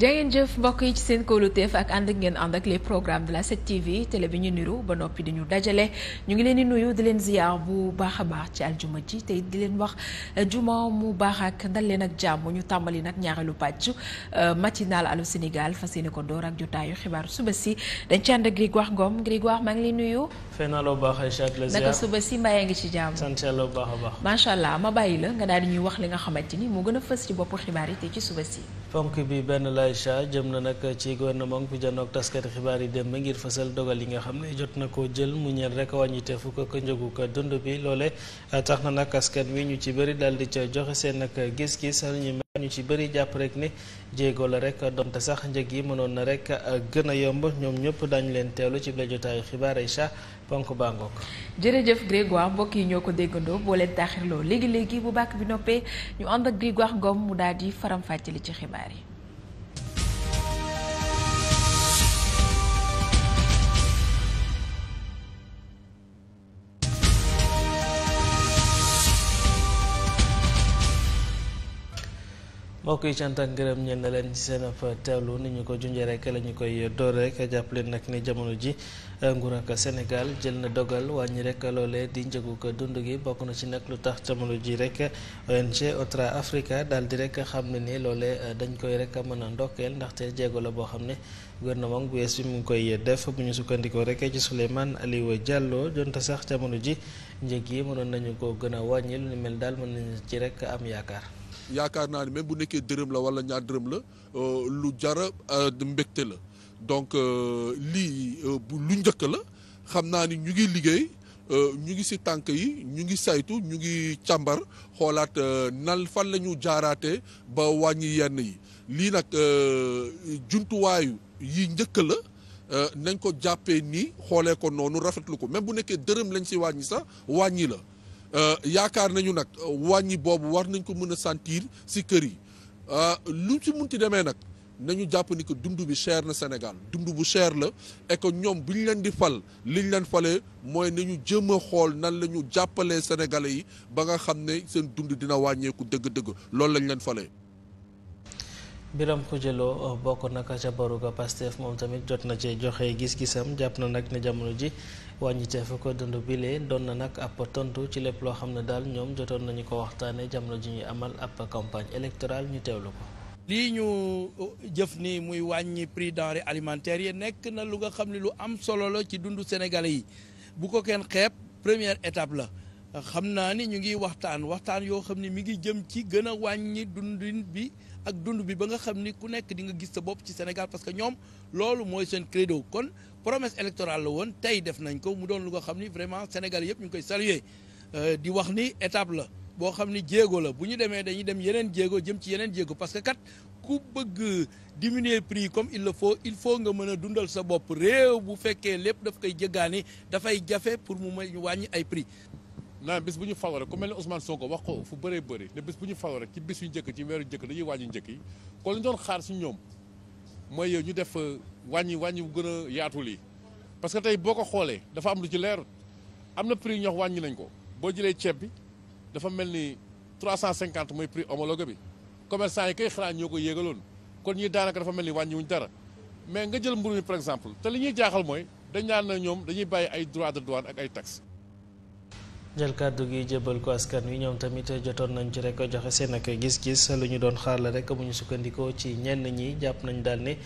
jangeen jëf mbokk yi ci seen kóoluteef ak ànd ak ngeen ànd ak les programmes de la 7TV télé bi ñu niru ba noppi di ñu dajale ñu ngi leen di nuyu di leen ziyaar bu baax a baax ci aljuma ji tey di leen wax eh, juma mu baax ak dal leen ak jàmm ñu tàmbali nag ñaareelu pàcc eh, matinal Allô Sénégal fas yéene ko door ak jotaayu xibaaru suba si dañ ci ànd ak Grégoire Ngom Grégoire maa ngi lay nuyu. fay naa loo baax Aïcha la ziyaar naka si mbaa yaa ngi ci jàmm. sant yàlla bu baax a baax. allah ma bàyyi la nga daal di ñuy wax li nga xamante ni moo gën a fës ci xibaar yi tey ci suba si Aïcha jëm na nag ci gouvernement bi janook xibaar yi démb ngir fësal dogal yi nga xam ne jot na ko jël mu ñeel rek wàññite fukk ak dund bi loole tax na nag askan wi ñu ci bëri daal di ca joxe seen nag gis-gis ñu ñu ci bëri jàpp rek ni jéego la rek donte sax njëg yi mënoon na rek gën a yomb ñoom ñëpp daañu leen teelu ci la jotaayu xibaar Aïcha ponk baa ngoog jërëjëf Grégoire mbokk yi ñoo ko déggandoo boo leen taaxirloo léegi-léegi bu bàkk bi noppee ñu ànd ak Grégoire Ngom yi bokk yi cant ak ngërëm ñeel na leen ci seen ab teewlu ni ñu ko junjee rek la ñu koy door rek jàppale nag ni jamono ji euh, nguur ak senegal jël na dogal wàññi rek loolee di njëgu ko dund gi bokk na ci nag lu tax jamono ji rek ONG Otra Africa daal rek xam ne ni loolee euh, dañ koy rek mën a ndokkeel ndaxte jéego la boo xam ne gouvernement bu bees bi mu ngi koy def bu ñu sukkandikoo rek ci Souleymane Aliou Diallo jonte sax jamono ji njëg yi mënoon nañu ko gën a wàññi lu ni mel daal mën nañu ci rek am yaakaar. yaakaar naa ne même bu nekkee dërëm la wala ñaar dërëm la euh, lu jara euh, mbégte la donc euh, lii lu njëkk la xam naa ni ñu ngi liggéey ñu ngi si tànk yi ñu ngi saytu ñu ngi càmbar xoolaat nal fan la ñu jaaraatee ba wàññi yenn yi lii nag jumtuwaayu yi njëkk la nañ ko jàppee nii xoolee ko noonu rafetlu ko même bu nekkee dërëm lañ si wàññi sax wàññi la Euh, yaakaar nañu nag euh, wàññi boobu war nañ ko mën a sentir si kër yi euh, lu ci munti demee nag nañu jàpp ni que dund bi cher na Sénégal dund bu cher la et ñoom bu ñu leen di fal li ñu leen falee mooy nañu jëm a xool nan la ñu jàppalee sénégalais yi ba nga xam ne seen dund dina wàññeeku dëgg-dëgg loolu lañ leen falee Biram Khoudia Lo euh, bokk nag ca baruga Pastef moom tamit jot na cee joxe gis-gisam jàpp na nag ne jamono ji wàññiteefu ko dund bile doon na nag ab tontu ci lépp loo xam ne daal ñoom jotoon nañu ko waxtaanee jamono ji ñuy amal ab campagne électorale ñu teewlu ko. lii ñu euh, jëf ni muy wàññi prix denrée alimentaire yi nekk na lu nga xam ne lu am solo la ci dundu Sénégalais yi bu ko kenn xeeb première étape la. xam naa ni ñu ngi waxtaan waxtaan yoo xam ne mi ngi jëm ci gën a wàññi dundin bi. ak dund bi ba nga xam ni ku nekk di nga gis sa bopp ci Sénégal parce que ñoom loolu mooy seen credo kon promesse électorale la woon tey def nañ ko mu doon lu ko xam ni vraiment Sénégal yëpp ñu ngi koy saluer euh, di wax ni étape la boo xam ni jéego la bu ñu demee dañuy dem yeneen jéego jëm ci yeneen jéego parce que kat ku bëgg diminuer prix yi comme il le faut il faut nga mën a dundal sa bopp réew bu fekkee lépp daf koy jëggaani dafay jafe pour mu may wàññi ay prix naan bis bu ñu faloo rek ku mel ne Ousmane Sonko wax ko fu bëree bëri ne bis bu ñu faloo rek ci bis yu njëkk ci weeru njëkk dañuy wàññi njëkk yi kon li doon xaar si ñoom mooy yow ñu def euh, wàññi wàññi bu gën a yaatu lii parce que tey boo ko xoolee dafa am lu ci leerut am na prix ñox wàññi nañ ko boo jëlee ceeb bi dafa mel ni 350 mooy prix homologue bi commerçant yi koy xalaat ñoo ko yéegaloon kon ñi daanaka dafa mel ni wàññiwuñ dara mais nga jël mburu mi par exemple te li ñuy jaaxal mooy dañ naan na ñoom dañuy bàyyi ay droit de douane ak ay taxes jël kàddu gi jébal ko askan wi ñoom tamit jotoon nañ ci rek joxe seen ak gis-gis lu ñu doon xaar la rek bu ñu sukkandikoo ci ñenn ñi jàpp nañ daal ne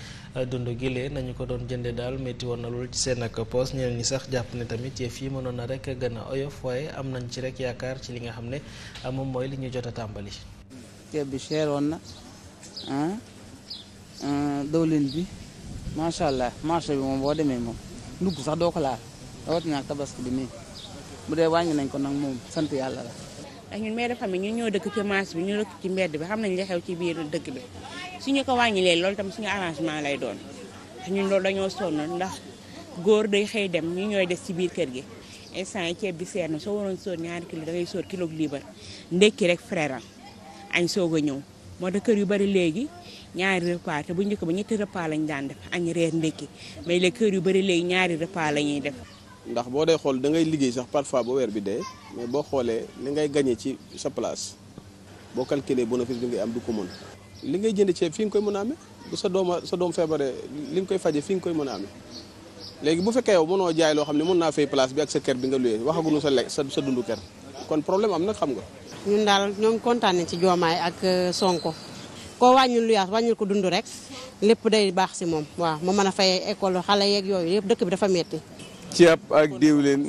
dundu gi lee nañu ko doon jënde daal métti woon na lool ci seen ak poos ñeneen ñi sax jàpp ne tamit yëf yi mënoon na rek gën a oyof waaye am nañ ci rek yaakaar ci li nga xam ne moom mooy li ñu jot a tàmbali. ceeb bi cher woon na ah, ah, dawlin bi macha allah marché bi moom boo demee moom ndugg sax doo ko laal bu dee wàññi nañ ko nag moom sant yàlla la. ndax ñun mère de famille ñun ñoo dëkk ci maas bi ñu dëkk ci mbedd bi xam nañ li xew ci biir dëkk bi suñu ko wàññilee loolu tam suñu arrangement lay doon ndax ñun loolu dañoo sonn ndax góor day xëy dem ñu ñooy def ci biir kër gi instant yi ceeb bi seer na soo waroon sóor ñaari kilo dangay soor kilo liibar ndekki rek frère añ soog a ñëw moo tax kër yu bari léegi ñaari repas te bu njëkk ba ñetti repas lañ daan def añ reer ndekki mais les kër yu bari léegi ñaari repas la ñuy def ndax boo dee xool dangay ngay liggéey sax parfois boo weer bi dee mais boo xoolee li ngay gagné ci sa place boo calculer bénéfice bi ngay am du ko mën li ngay jënd ceeb fi nga koy mën a am sa dooma sa doom feebaree li nga koy faje fi nga koy mën a amee léegi bu fekkee yow mënoo jaay loo xam ne mën naa fay place bi ak sa kër bi nga luyee waxaguñu sa lekk sa dundu kër kon problème am nag xam nga ñun daal ñoo ngi kontaan ci Diomaye ak euh, Sonko koo wàññul luyaas wàññul ko dund rek lépp day baax si moom waaw mu mën a fay école xale yeeg yooyu yëpp dëkk bi dafa metti ceeb ak diwlin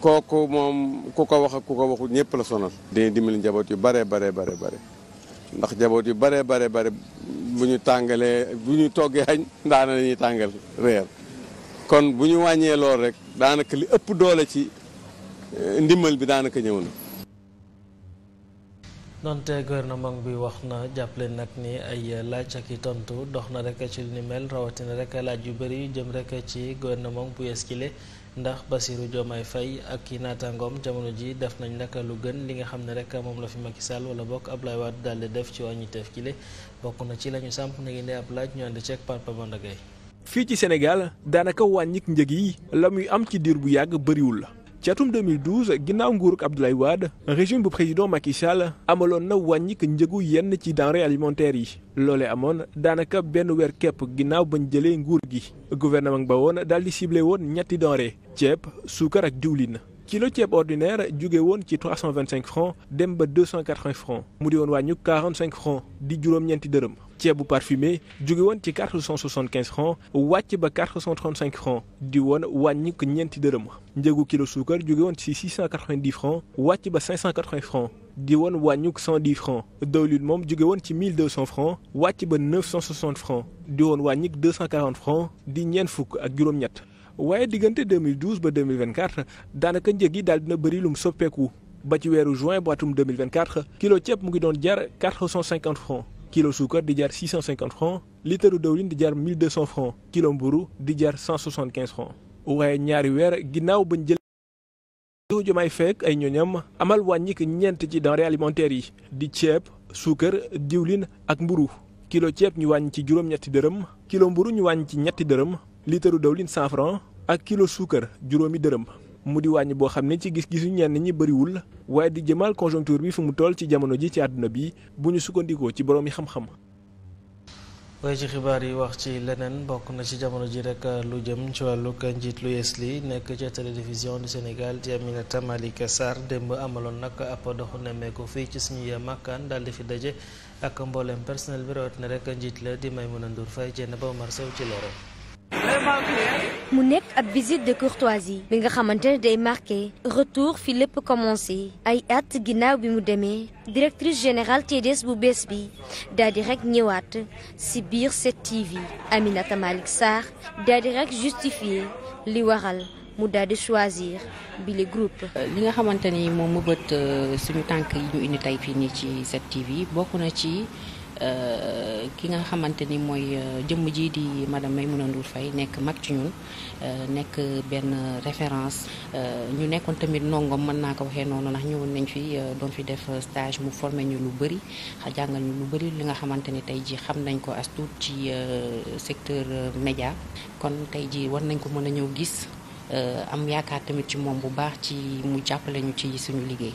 kooku moom ku ko wax ku ko waxul ñëpp la sonal. dina dimbali njaboot yu bare bare bare bare ndax jaboot yu bare bare bare bu ñu tàngalee bu ñu toggee añ ndaane la ñuy tàngal reer kon bu ñu wàññee lool rek daanaka li ëpp doole ci eh, ndimbal bi daanaka ñëw na. donte gouvernement bi wax na jàppale nag ni ay laaj ak i tontu dox na rek ci lu ni mel rawatina rek laaj yu bëri yu jëm rek ci gouvernement bu yees kile ndax Bassirou ay Faye ak i naataangoom jamono ji def nañ nag lu gën li nga xam ne rek moom la fi Macky Sall wala bokk ab Wade daal di def ci wàññi teef kile bokk na ci la ñu sàmp na ngi ne ab laaj ñu ànd ceeg Papa Banda Gaye fii ci Sénégal daanaka wàññik njëg yi la muy am ci diir bu yàgg bëriwul la ci atum 2012 ginnaaw nguurug Abdoulaye Wade régime bu président Macky Sall amaloon na wàññi ko njëgu yenn ci denrées alimentaires yi loolee amoon daanaka benn weer kepp ginnaaw bañ jëlee nguur gi gouvernement ba woon daal di ciblé woon ñetti denrées ceeb suukar ak diwlin. kilo ceeb ordinaire jóge woon ci 325 francs dem ba 280 francs mu di woon wàññu 45 francs di juróom-ñeenti dërëm ceeb bu parfumé jóge woon ci 475 francs wàcc ba 435 francs di woon wàññi ko ñeenti dërëm njëgu kilo suukar jóge woon ci 690 francs wàcc ba 580 francs di woon wàññuk 110 francs dawlin moom jóge woon ci francs wàcc ba 960 francs di woon wàññik 240 francs di ñeent fukk ak juróom-ñett waaye diggante 2012 ba 2024 daanaka njëg yi daal dina bëri lum soppeeku ba ci weeru juin bu atum 2024 kilo ceeb mu ngi doon jar 450 francs kilo suukar di jar 650 francs litre dawlin di jar 1200 francs kilo mburu di jar 175 francs waaye ñaari weer ginnaaw bañ jël jo jomaay fekk ay ñooñam amal wàññik ñeent ci denrées alimentaires yi di ceeb suukar diwlin ak mburu kilo ceeb ñu wàññi ci juróom-ñetti dërëm kilo mburu ñu wàññi ci ñetti dërëm liitaru dawlin 100 francs ak kilo suukar juróomi dërëm mu di wàññi boo xam ne ci gis-gisu ñenn ñi bëriwul waaye di jëmal conjoncture bi fu mu toll ci jamono ji ci àdduna bi bu ñu sukkandikoo ci boroomi xam-xam. waaye ci xibaar yi wax ci leneen bokk na ci jamono ji rek euh, lu jëm ci wàllu njiit lu yees li nekk ca télévision du Sénégal di Aminata Malika Sarr démb amaloon nag ab doxu nemmeeku fi ci suñu màkkaan daal di fi daje ak mboolem personnel bi rawat na njiit la di Maimouna Ndour Faye jenn ba Omar Sow mu nekk ab visite de courtoisie bi nga xamante ne day marqué retour fi lépp commencé ay at ginnaaw bi mu demee directrice générale TDS bu bees bi daal di rek ñëwaat si biir 7TV Aminata Malick Sarr daal di rek justifié li waral mu daal di choisir bi le groupe. li nga xamante ni moom mu bët euh, suñu tànk yi ñu indi tey fii nii ci 7TV bokk na ci. ki nga xamante ni mooy euh, jëmm jii di madame Maïmouna Ndour fay nekk mag ci ñun euh, nekk benn référence euh, ñu nekkoon tamit ndongoom mën naa ko waxee noonu ndax ñëwoon nañ fii doon fi def stage mu formé ñu lu bëri jàngal ñu lu bëri li nga xamante ni tey jii xam nañ ko as tuut ci secteur média kon tey jii war nañ ko mën a ñëw gis am yaakaar tamit ci moom bu baax ci mu jàppale ñu ci suñu liggéey.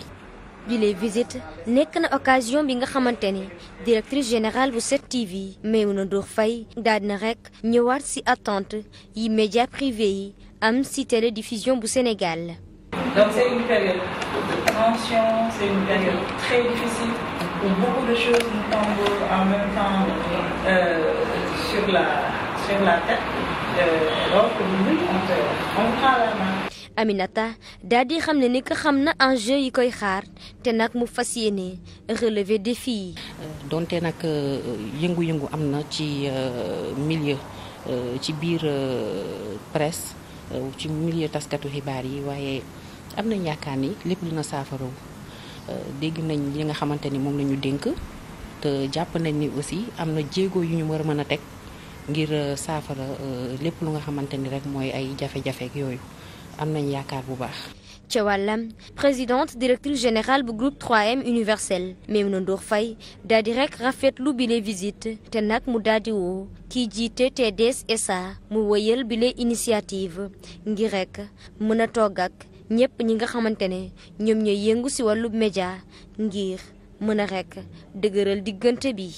bi les visite nekk na occasion bi nga xamante ne directrice générale bu 7TV Maïmouna Ndour Faye daal na rek ñëwaat ci attente yi média privé yi am ci télédiffusion bu Sénégal. donc c'est une période de tension c'est une période très difficile où beaucoup de choses nous tombent en même temps euh, sur la sur la tête euh, alors on, on prend Aminata daal di xam ne ni ko xam na enjeu yi koy xaar te nag mu fas yéene relever défi yi. donte nag euh, yëngu-yëngu am na ci euh, milieu euh, ci biir presse ci milieu taskatu xibaar yi waaye am nañ yaakaar ni lépp na saafaraw dégg nañ yi nga xamante ni moom lañu dénk te jàpp nañ ni aussi am na jéego yu ñu war a mën a teg ngir saafara lépp lu nga xamante ni rek mooy ay jafe-jafe ak yooyu. am nañ yaakaar bu baax ca wàllam présidente directrice générale bu groupe 3M universel Maïmouna Ndour Faye daal di rek rafetlu bile visite te nag mu daal di woo kii jiite TDS SA mu wëyal bile initiative ngir rekk mën a togg ak ñëpp ñi nga xamante ne ñoom ñooy yëngu ci wàllu média ngir mën rekk rek dëgëral diggante bi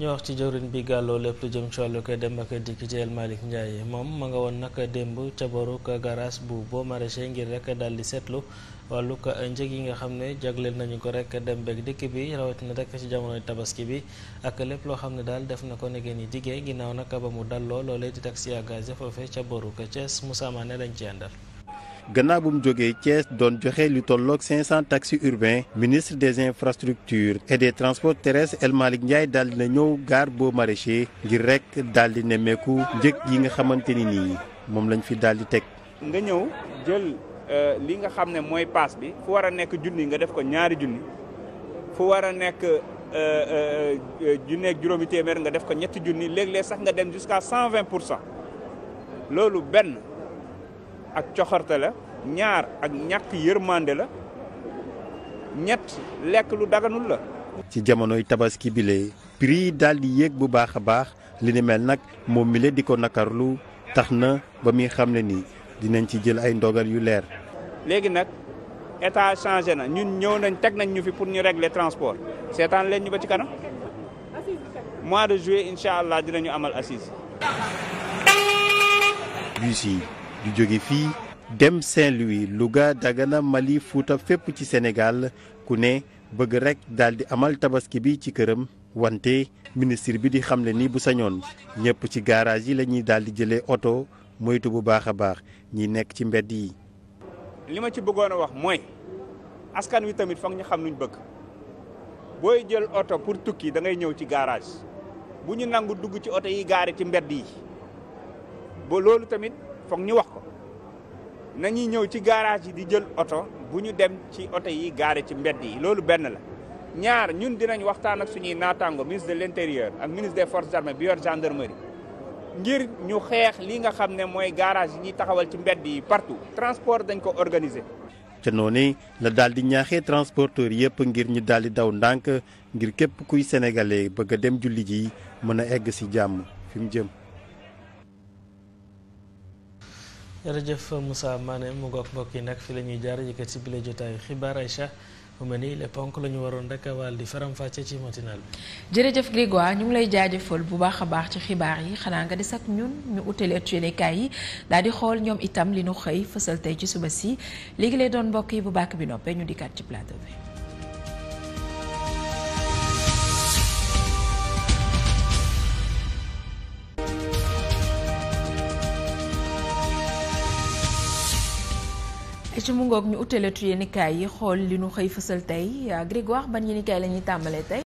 ñu wax ci jawriñ bi gàlloo lépp lu jëm ci wàllu dem ak dikk ci El Malick Ndiaye moom ma nga woon nag démb ca baruk garage bu boo maraîcher ngir rek daal di seetlu wàllug njëg yi nga xam ne jagleel nañu ko rek dem beeg dikk bi rawatina rek ci jamonoy tabaski bi ak lépp loo xam ne daal def na ko negeen yi diggee ginnaaw nag ba mu dalloo loolee di taxi à gaz foofee ca baruk Thiès Moussa Mané lañ ci àndal. gannaaw bu mu jógee Thiès doon joxe lu tolloog 500 taxis urbains ministre des infrastructures et des transports terrestres El Malick Ndiaye daal dina ñëw gare Baux Maraîchers ngir rek daal di nemmeeku njëg yi nga xamante ni nii moom lañ fi daal di teg. nga ñëw jël euh, li nga xam ne mooy paas bi fu war a nekk junni nga def ko ñaari junni fu war a nekk euh, euh, junneeg juróomi téeméer nga def ko ñetti junni léeg-léeg sax nga dem jusqu'à 120 pour cent loolu benn. ak coxarte la ñaar ak ñàkk yërmande la ñett lekk lu daganul la. ci jamonoy tabaski bile prix daal di yéeg bu baax a baax li ni mel nag moom mi la di ko nakkarlu tax na ba muy xam ne nii dinañ ci jël ay ndogal yu leer. léegi nag état changé na ñun ñëw nañ teg nañ ñu fi pour ñu régler transport seetaan leen ñu ba ci kanam mois de juillet incha allah dinañu amal assise. bus yi yu jóge fii dem Saint-Louis Louga Dagana Mali Fuuta fépp ci Sénégal ku ne bëgg rekk daldi amal tabaski bi ci këram wante ministre bi di xamle ni bu sañoon ñëpp ci garage yi lañuy ñuy daal di jëlee oto moytu bu baax a baax ñi nekk ci mbedd yi. li ma ci bëggoon a wax mooy askan wi tamit foog ñu xam luñ bëgg booy jël oto pour tukki da ngay ñëw ci garage bu ñu nangu dugg ci oto yi gaare ci mbedd yi ba loolu tamit. foog ñu wax ko nañuy ñëw ci garage yi di jël oto bu ñu dem ci oto yi gaare ci mbedd yi loolu benn la ñaar ñun dinañu waxtaan ak suñuy naataango ministre de l'intérieur ak ministre des forces armées bi yor gendarmerie ngir ñu xeex li nga xam ne mooy garage yi ñuy taxawal ci mbedd yi partout transport dañ ko organiser. te noonu la daal di ñaaxee transporteur yëpp ngir ñu daal di daw ndànk ngir képp kuy sénégalais bëgg a dem julli ji mën a egg ci jàmm fi mu jëm. jërëjëf Moussa Mané mu ngoog mbokk yi nag fi la ñuy jaar yëkkat si bile jotaayu xibaar Aïcha mu mel ni les ponk la ñu waroon rek waal di faram-fàcce ci matinal bi. jërëjëf Grégoire ñu ngi lay jaajëfal bu baax a baax ci xibaar yi xanaa nga des ak ñun ñu utalee tuyenekaay yi daal di xool ñoom itam li ñu xëy fësal tey ci suba si léegi lay doon mbokk yi bu bàkk bi noppee ñu dikkaat ci plateau bi. ci mu ngoog ñu utale tu yéenikaay yi xool li nu xëy fësal tey Grégoire ban yéenikaay la ñuy tàmbalee tey